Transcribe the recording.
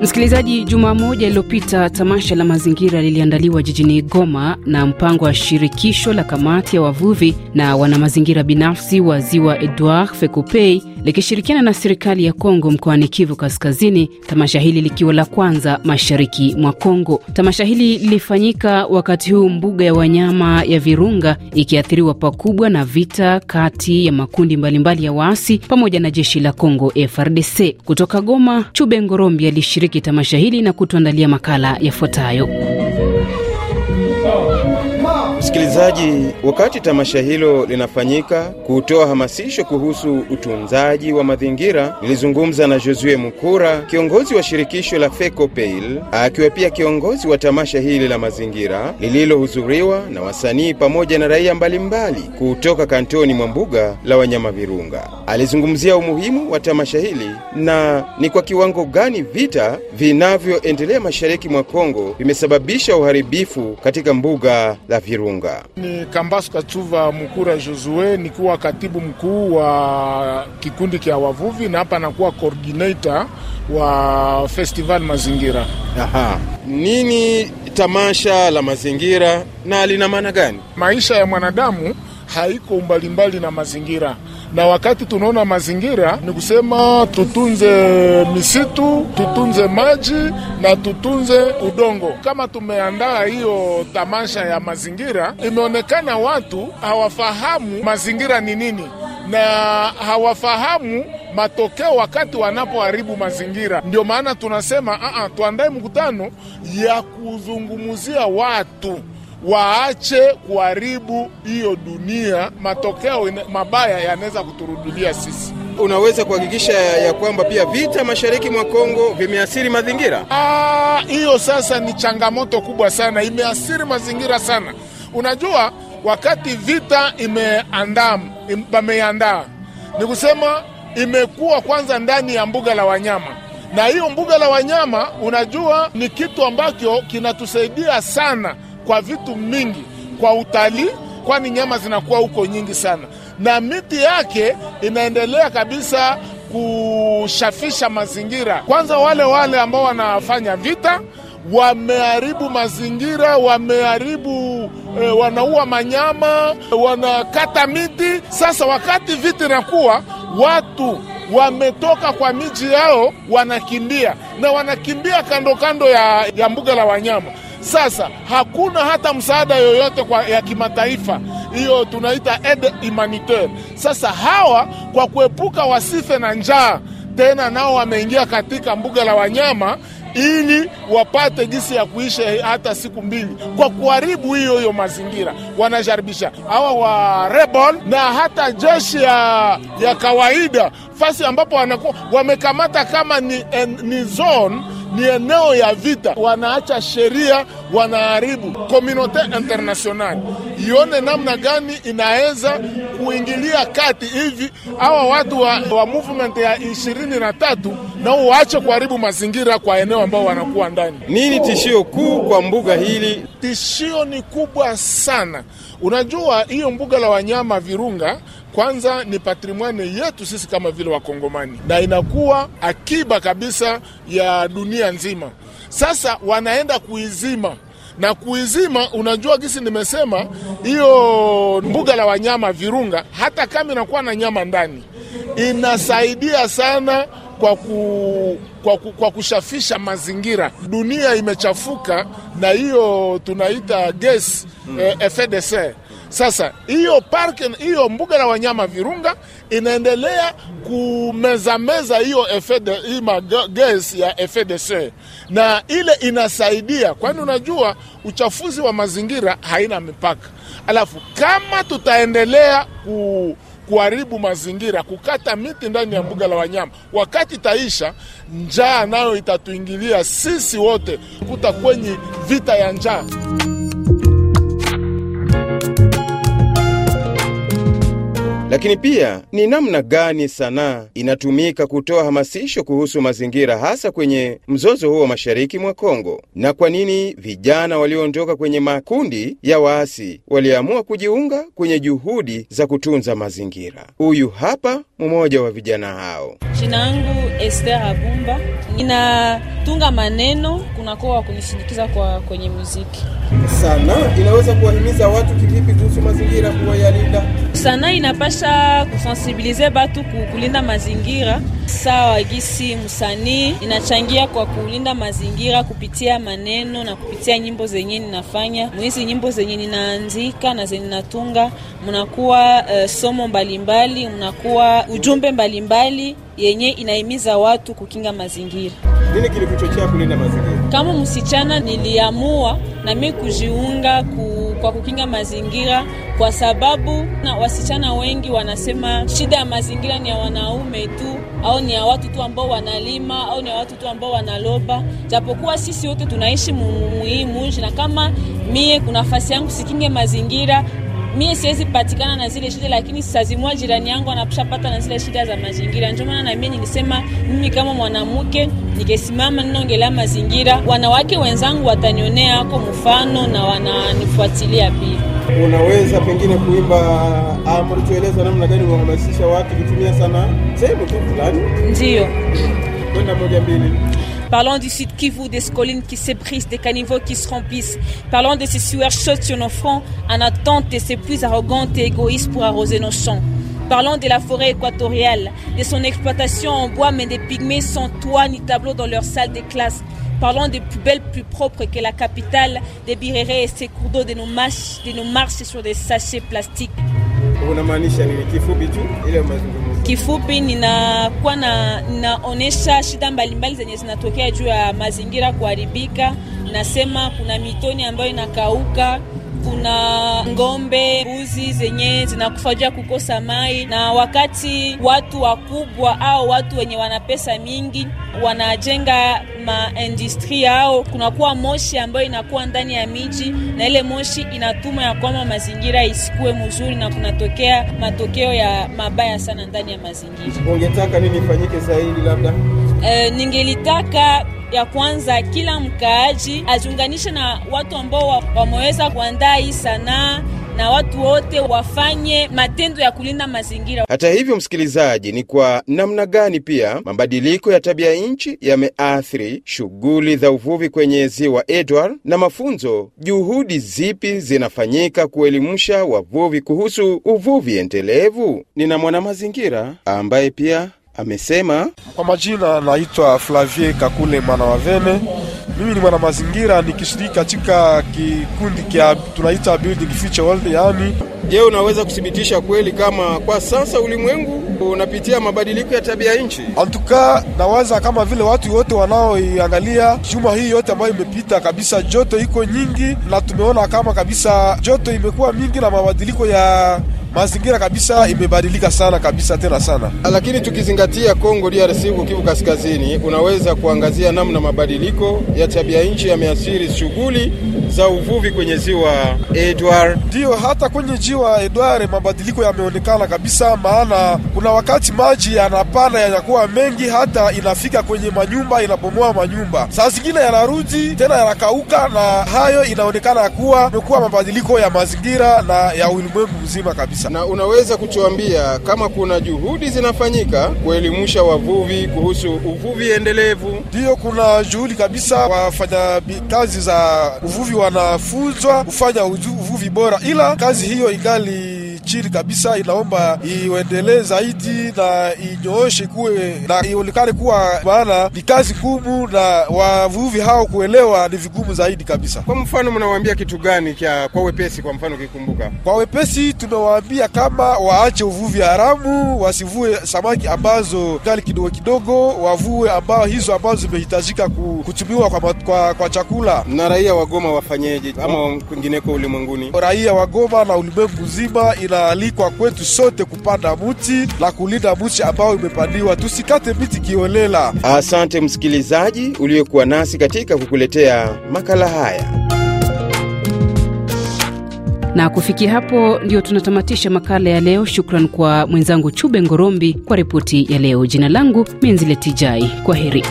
Msikilizaji, juma moja iliyopita tamasha la mazingira liliandaliwa jijini Goma na mpango wa shirikisho la kamati ya wavuvi na wanamazingira binafsi wa ziwa edward Fekopei likishirikiana na serikali ya Kongo mkoani Kivu Kaskazini, tamasha hili likiwa la kwanza mashariki mwa Kongo. Tamasha hili lilifanyika wakati huu mbuga ya wanyama ya Virunga ikiathiriwa pakubwa na vita kati ya makundi mbalimbali ya waasi pamoja na jeshi la Kongo frdc Kutoka Goma, Chube Ngorombi alishiriki tamasha hili na kutuandalia makala yafuatayo. Msikilizaji, wakati tamasha hilo linafanyika kutoa hamasisho kuhusu utunzaji wa mazingira, nilizungumza na Josue Mukura, kiongozi wa shirikisho la FECOPEIL, akiwa pia kiongozi wa tamasha hili la mazingira lililohudhuriwa na wasanii pamoja na raia mbalimbali kutoka kantoni mwa mbuga la wanyama Virunga. Alizungumzia umuhimu wa tamasha hili na ni kwa kiwango gani vita vinavyoendelea mashariki mwa Kongo vimesababisha uharibifu katika mbuga la Virunga. Ni Kambasu Kachuva Mukura Josue, nikuwa katibu mkuu wa kikundi kya wavuvi na hapa nakuwa coordinator wa festival mazingira. Aha. Nini tamasha la mazingira na lina maana gani maisha ya mwanadamu? haiko mbalimbali mbali na mazingira, na wakati tunaona mazingira ni kusema tutunze misitu, tutunze maji na tutunze udongo. Kama tumeandaa hiyo tamasha ya mazingira, imeonekana watu hawafahamu mazingira ni nini na hawafahamu matokeo wakati wanapoharibu mazingira. Ndio maana tunasema a, ah, ah, tuandae mkutano ya kuzungumzia watu waache kuharibu hiyo dunia. Matokeo mabaya yanaweza kuturudulia sisi. Unaweza kuhakikisha ya kwamba pia vita mashariki mwa Kongo vimeathiri mazingira? Ah, hiyo sasa ni changamoto kubwa sana, imeathiri mazingira sana. Unajua, wakati vita imeandam pameiandaa ni kusema imekuwa kwanza ndani ya mbuga la wanyama, na hiyo mbuga la wanyama unajua ni kitu ambacho kinatusaidia sana kwa vitu mingi, kwa utalii, kwani nyama zinakuwa huko nyingi sana, na miti yake inaendelea kabisa kushafisha mazingira. Kwanza wale wale ambao wanafanya vita wameharibu mazingira, wameharibu e, wanaua manyama, wanakata miti. Sasa wakati vita inakuwa, watu wametoka kwa miji yao, wanakimbia na wanakimbia kando kando ya, ya mbuga la wanyama. Sasa hakuna hata msaada yoyote kwa, ya kimataifa hiyo tunaita aid humanitaire. Sasa hawa kwa kuepuka wasife na njaa tena, nao wameingia katika mbuga la wanyama ili wapate jinsi ya kuisha hata siku mbili, kwa kuharibu hiyo hiyo mazingira. Wanajaribisha hawa wa rebel na hata jeshi ya, ya kawaida, fasi ambapo wanakuwa wamekamata kama ni, en, ni zone ni eneo ya vita, wanaacha sheria, wanaharibu. Komunote internasionali ione namna gani inaweza kuingilia kati hivi hawa watu wa, wa movement ya ishirini na tatu nao waache kuharibu mazingira kwa eneo ambao wanakuwa ndani. Nini tishio kuu kwa mbuga hili? Tishio ni kubwa sana. Unajua hiyo mbuga la wanyama Virunga kwanza ni patrimoine yetu sisi kama vile Wakongomani, na inakuwa akiba kabisa ya dunia nzima. Sasa wanaenda kuizima na kuizima, unajua gisi nimesema, hiyo mbuga la wanyama Virunga, hata kama inakuwa na nyama ndani, inasaidia sana kwa, ku, kwa, ku, kwa kushafisha mazingira. Dunia imechafuka na hiyo tunaita gesi mm, eh, effet sasa hiyo park hiyo mbuga la wanyama Virunga inaendelea kumezameza hiyo effet hii ya effet na ile inasaidia, kwani unajua uchafuzi wa mazingira haina mipaka. Alafu kama tutaendelea ku kuharibu mazingira, kukata miti ndani ya mbuga la wanyama, wakati taisha, njaa nayo itatuingilia sisi wote, kuta kwenye vita ya njaa. Lakini pia ni namna gani sanaa inatumika kutoa hamasisho kuhusu mazingira, hasa kwenye mzozo huo mashariki mwa Kongo, na kwa nini vijana walioondoka kwenye makundi ya waasi waliamua kujiunga kwenye juhudi za kutunza mazingira. Huyu hapa mmoja wa vijana hao. Jina Abumba, ninatunga maneno unakuwa wa kunisindikiza kwa kwenye muziki. Sanaa inaweza kuwahimiza watu kivipi kuhusu mazingira kuwayalinda? Sanaa inapasha kusensibilize batu kulinda mazingira sawa gisi msanii inachangia kwa kulinda mazingira kupitia maneno na kupitia nyimbo zenye ninafanya mwizi, nyimbo zenye ninaanzika na zenye natunga mnakuwa uh, somo mbalimbali, mnakuwa ujumbe mbalimbali mbali, yenye inahimiza watu kukinga mazingira. Nini kilikuchochea kulinda mazingira? Kama msichana niliamua na mimi kujiunga ku, kwa kukinga mazingira kwa sababu na wasichana wengi wanasema shida ya mazingira ni ya wanaume tu au ni ya watu tu ambao wanalima au ni ya watu tu ambao wanaloba, japokuwa sisi wote tunaishi muhii muji, na kama mie kuna nafasi yangu sikinge mazingira mie siwezi patikana na zile shida, lakini sazimua jirani yangu anapishapata na zile shida za mazingira. Ndio maana na mimi nilisema mimi kama mwanamke ningesimama ninaongelea mazingira, wanawake wenzangu watanionea ako mfano na wananifuatilia pia. Ah, Parlons du Sud Kivu, des collines qui se des caniveaux qui se remplissent. Parlons de ces sueurs chaudes sur nos fronts en attente de ces pluies arrogantes et égoïstes pour arroser nos champs. Parlons de la forêt équatoriale, de son exploitation en bois, mais des pygmées sans toit ni tableau dans leur salle de classe parlons des plus belles, plus propres que la capitale des Birere et ses cours d'eau de nos marches, de nos marches sur des sachets plastiques. Kifupi ninakuwa na naonesha shida mbalimbali zenye zinatokea juu ya mazingira kuharibika. Nasema kuna mitoni ambayo inakauka kuna ngombe, mbuzi zenye zinakufa juu ya kukosa mai, na wakati watu wakubwa au watu wenye wana pesa mingi wanajenga maindustri yao, kunakuwa moshi ambayo inakuwa ndani ya miji, na ile moshi inatuma ya kwamba mazingira isikuwe mzuri na kunatokea matokeo ya mabaya sana ndani ya mazingira. Ungetaka nini ifanyike zaidi labda? E, ningelitaka ya kwanza kila mkaaji ajiunganishe na watu ambao wameweza kuandaa hii sanaa na watu wote wafanye matendo ya kulinda mazingira. Hata hivyo, msikilizaji, ni kwa namna gani pia mabadiliko ya tabia nchi yameathiri shughuli za uvuvi kwenye ziwa Edward na mafunzo? Juhudi zipi zinafanyika kuelimisha wavuvi kuhusu uvuvi endelevu? Nina mwanamazingira ambaye pia amesema kwa majina naitwa Flavie Kakule mwana Wavene. Mimi ni mwana mazingira nikishiriki katika kikundi kia tunaita Building Future World. Yani, je, unaweza kuthibitisha kweli kama kwa sasa ulimwengu unapitia mabadiliko ya tabia nchi? Antuka nawaza kama vile watu wote wanaoiangalia juma hii yote ambayo imepita, kabisa joto iko nyingi, na tumeona kama kabisa joto imekuwa mingi na mabadiliko ya mazingira kabisa imebadilika sana kabisa tena sana, lakini tukizingatia Kongo DRC huko Kivu Kaskazini, unaweza kuangazia namna mabadiliko ya tabia nchi yameathiri shughuli za uvuvi kwenye ziwa Edward. Ndio hata kwenye ziwa Edward mabadiliko yameonekana kabisa, maana kuna wakati maji yanapanda yanakuwa mengi, hata inafika kwenye manyumba, inabomoa manyumba. Saa zingine yanarudi tena yanakauka, na hayo inaonekana kuwa imekuwa mabadiliko ya mazingira na ya ulimwengu mzima kabisa. Na unaweza kutuambia kama kuna juhudi zinafanyika kuelimisha wavuvi kuhusu uvuvi endelevu? Ndiyo, kuna juhudi kabisa, wafanya kazi za uvuvi wanafunzwa kufanya uvuvi bora, ila kazi hiyo ingali chini kabisa, inaomba iendelee zaidi na inyooshe kuwe na ionekane kuwa, maana ni kazi ngumu na wavuvi hao kuelewa ni vigumu zaidi kabisa. Kwa mfano, mnawaambia kitu gani kia, kwa wepesi? Kwa mfano kikumbuka, kwa wepesi tunawaambia kama waache uvuvi haramu, wasivue samaki ambazo kali kidogo kidogo, wavue ambao hizo ambazo zimehitajika kutumiwa kwa, kwa, kwa chakula. Na raia wa Goma wafanyeje ama kwingineko ulimwenguni? Raia wa Goma na ulimwengu mzima ina tunaalikwa kwetu sote kupanda muti na kulinda muti ambao imepandiwa, tusikate miti kiolela. Asante msikilizaji uliyekuwa nasi katika kukuletea makala haya na kufikia hapo ndio tunatamatisha makala ya leo. Shukran kwa mwenzangu Chube Ngorombi kwa ripoti ya leo. Jina langu Minzile Tijai, kwa heri.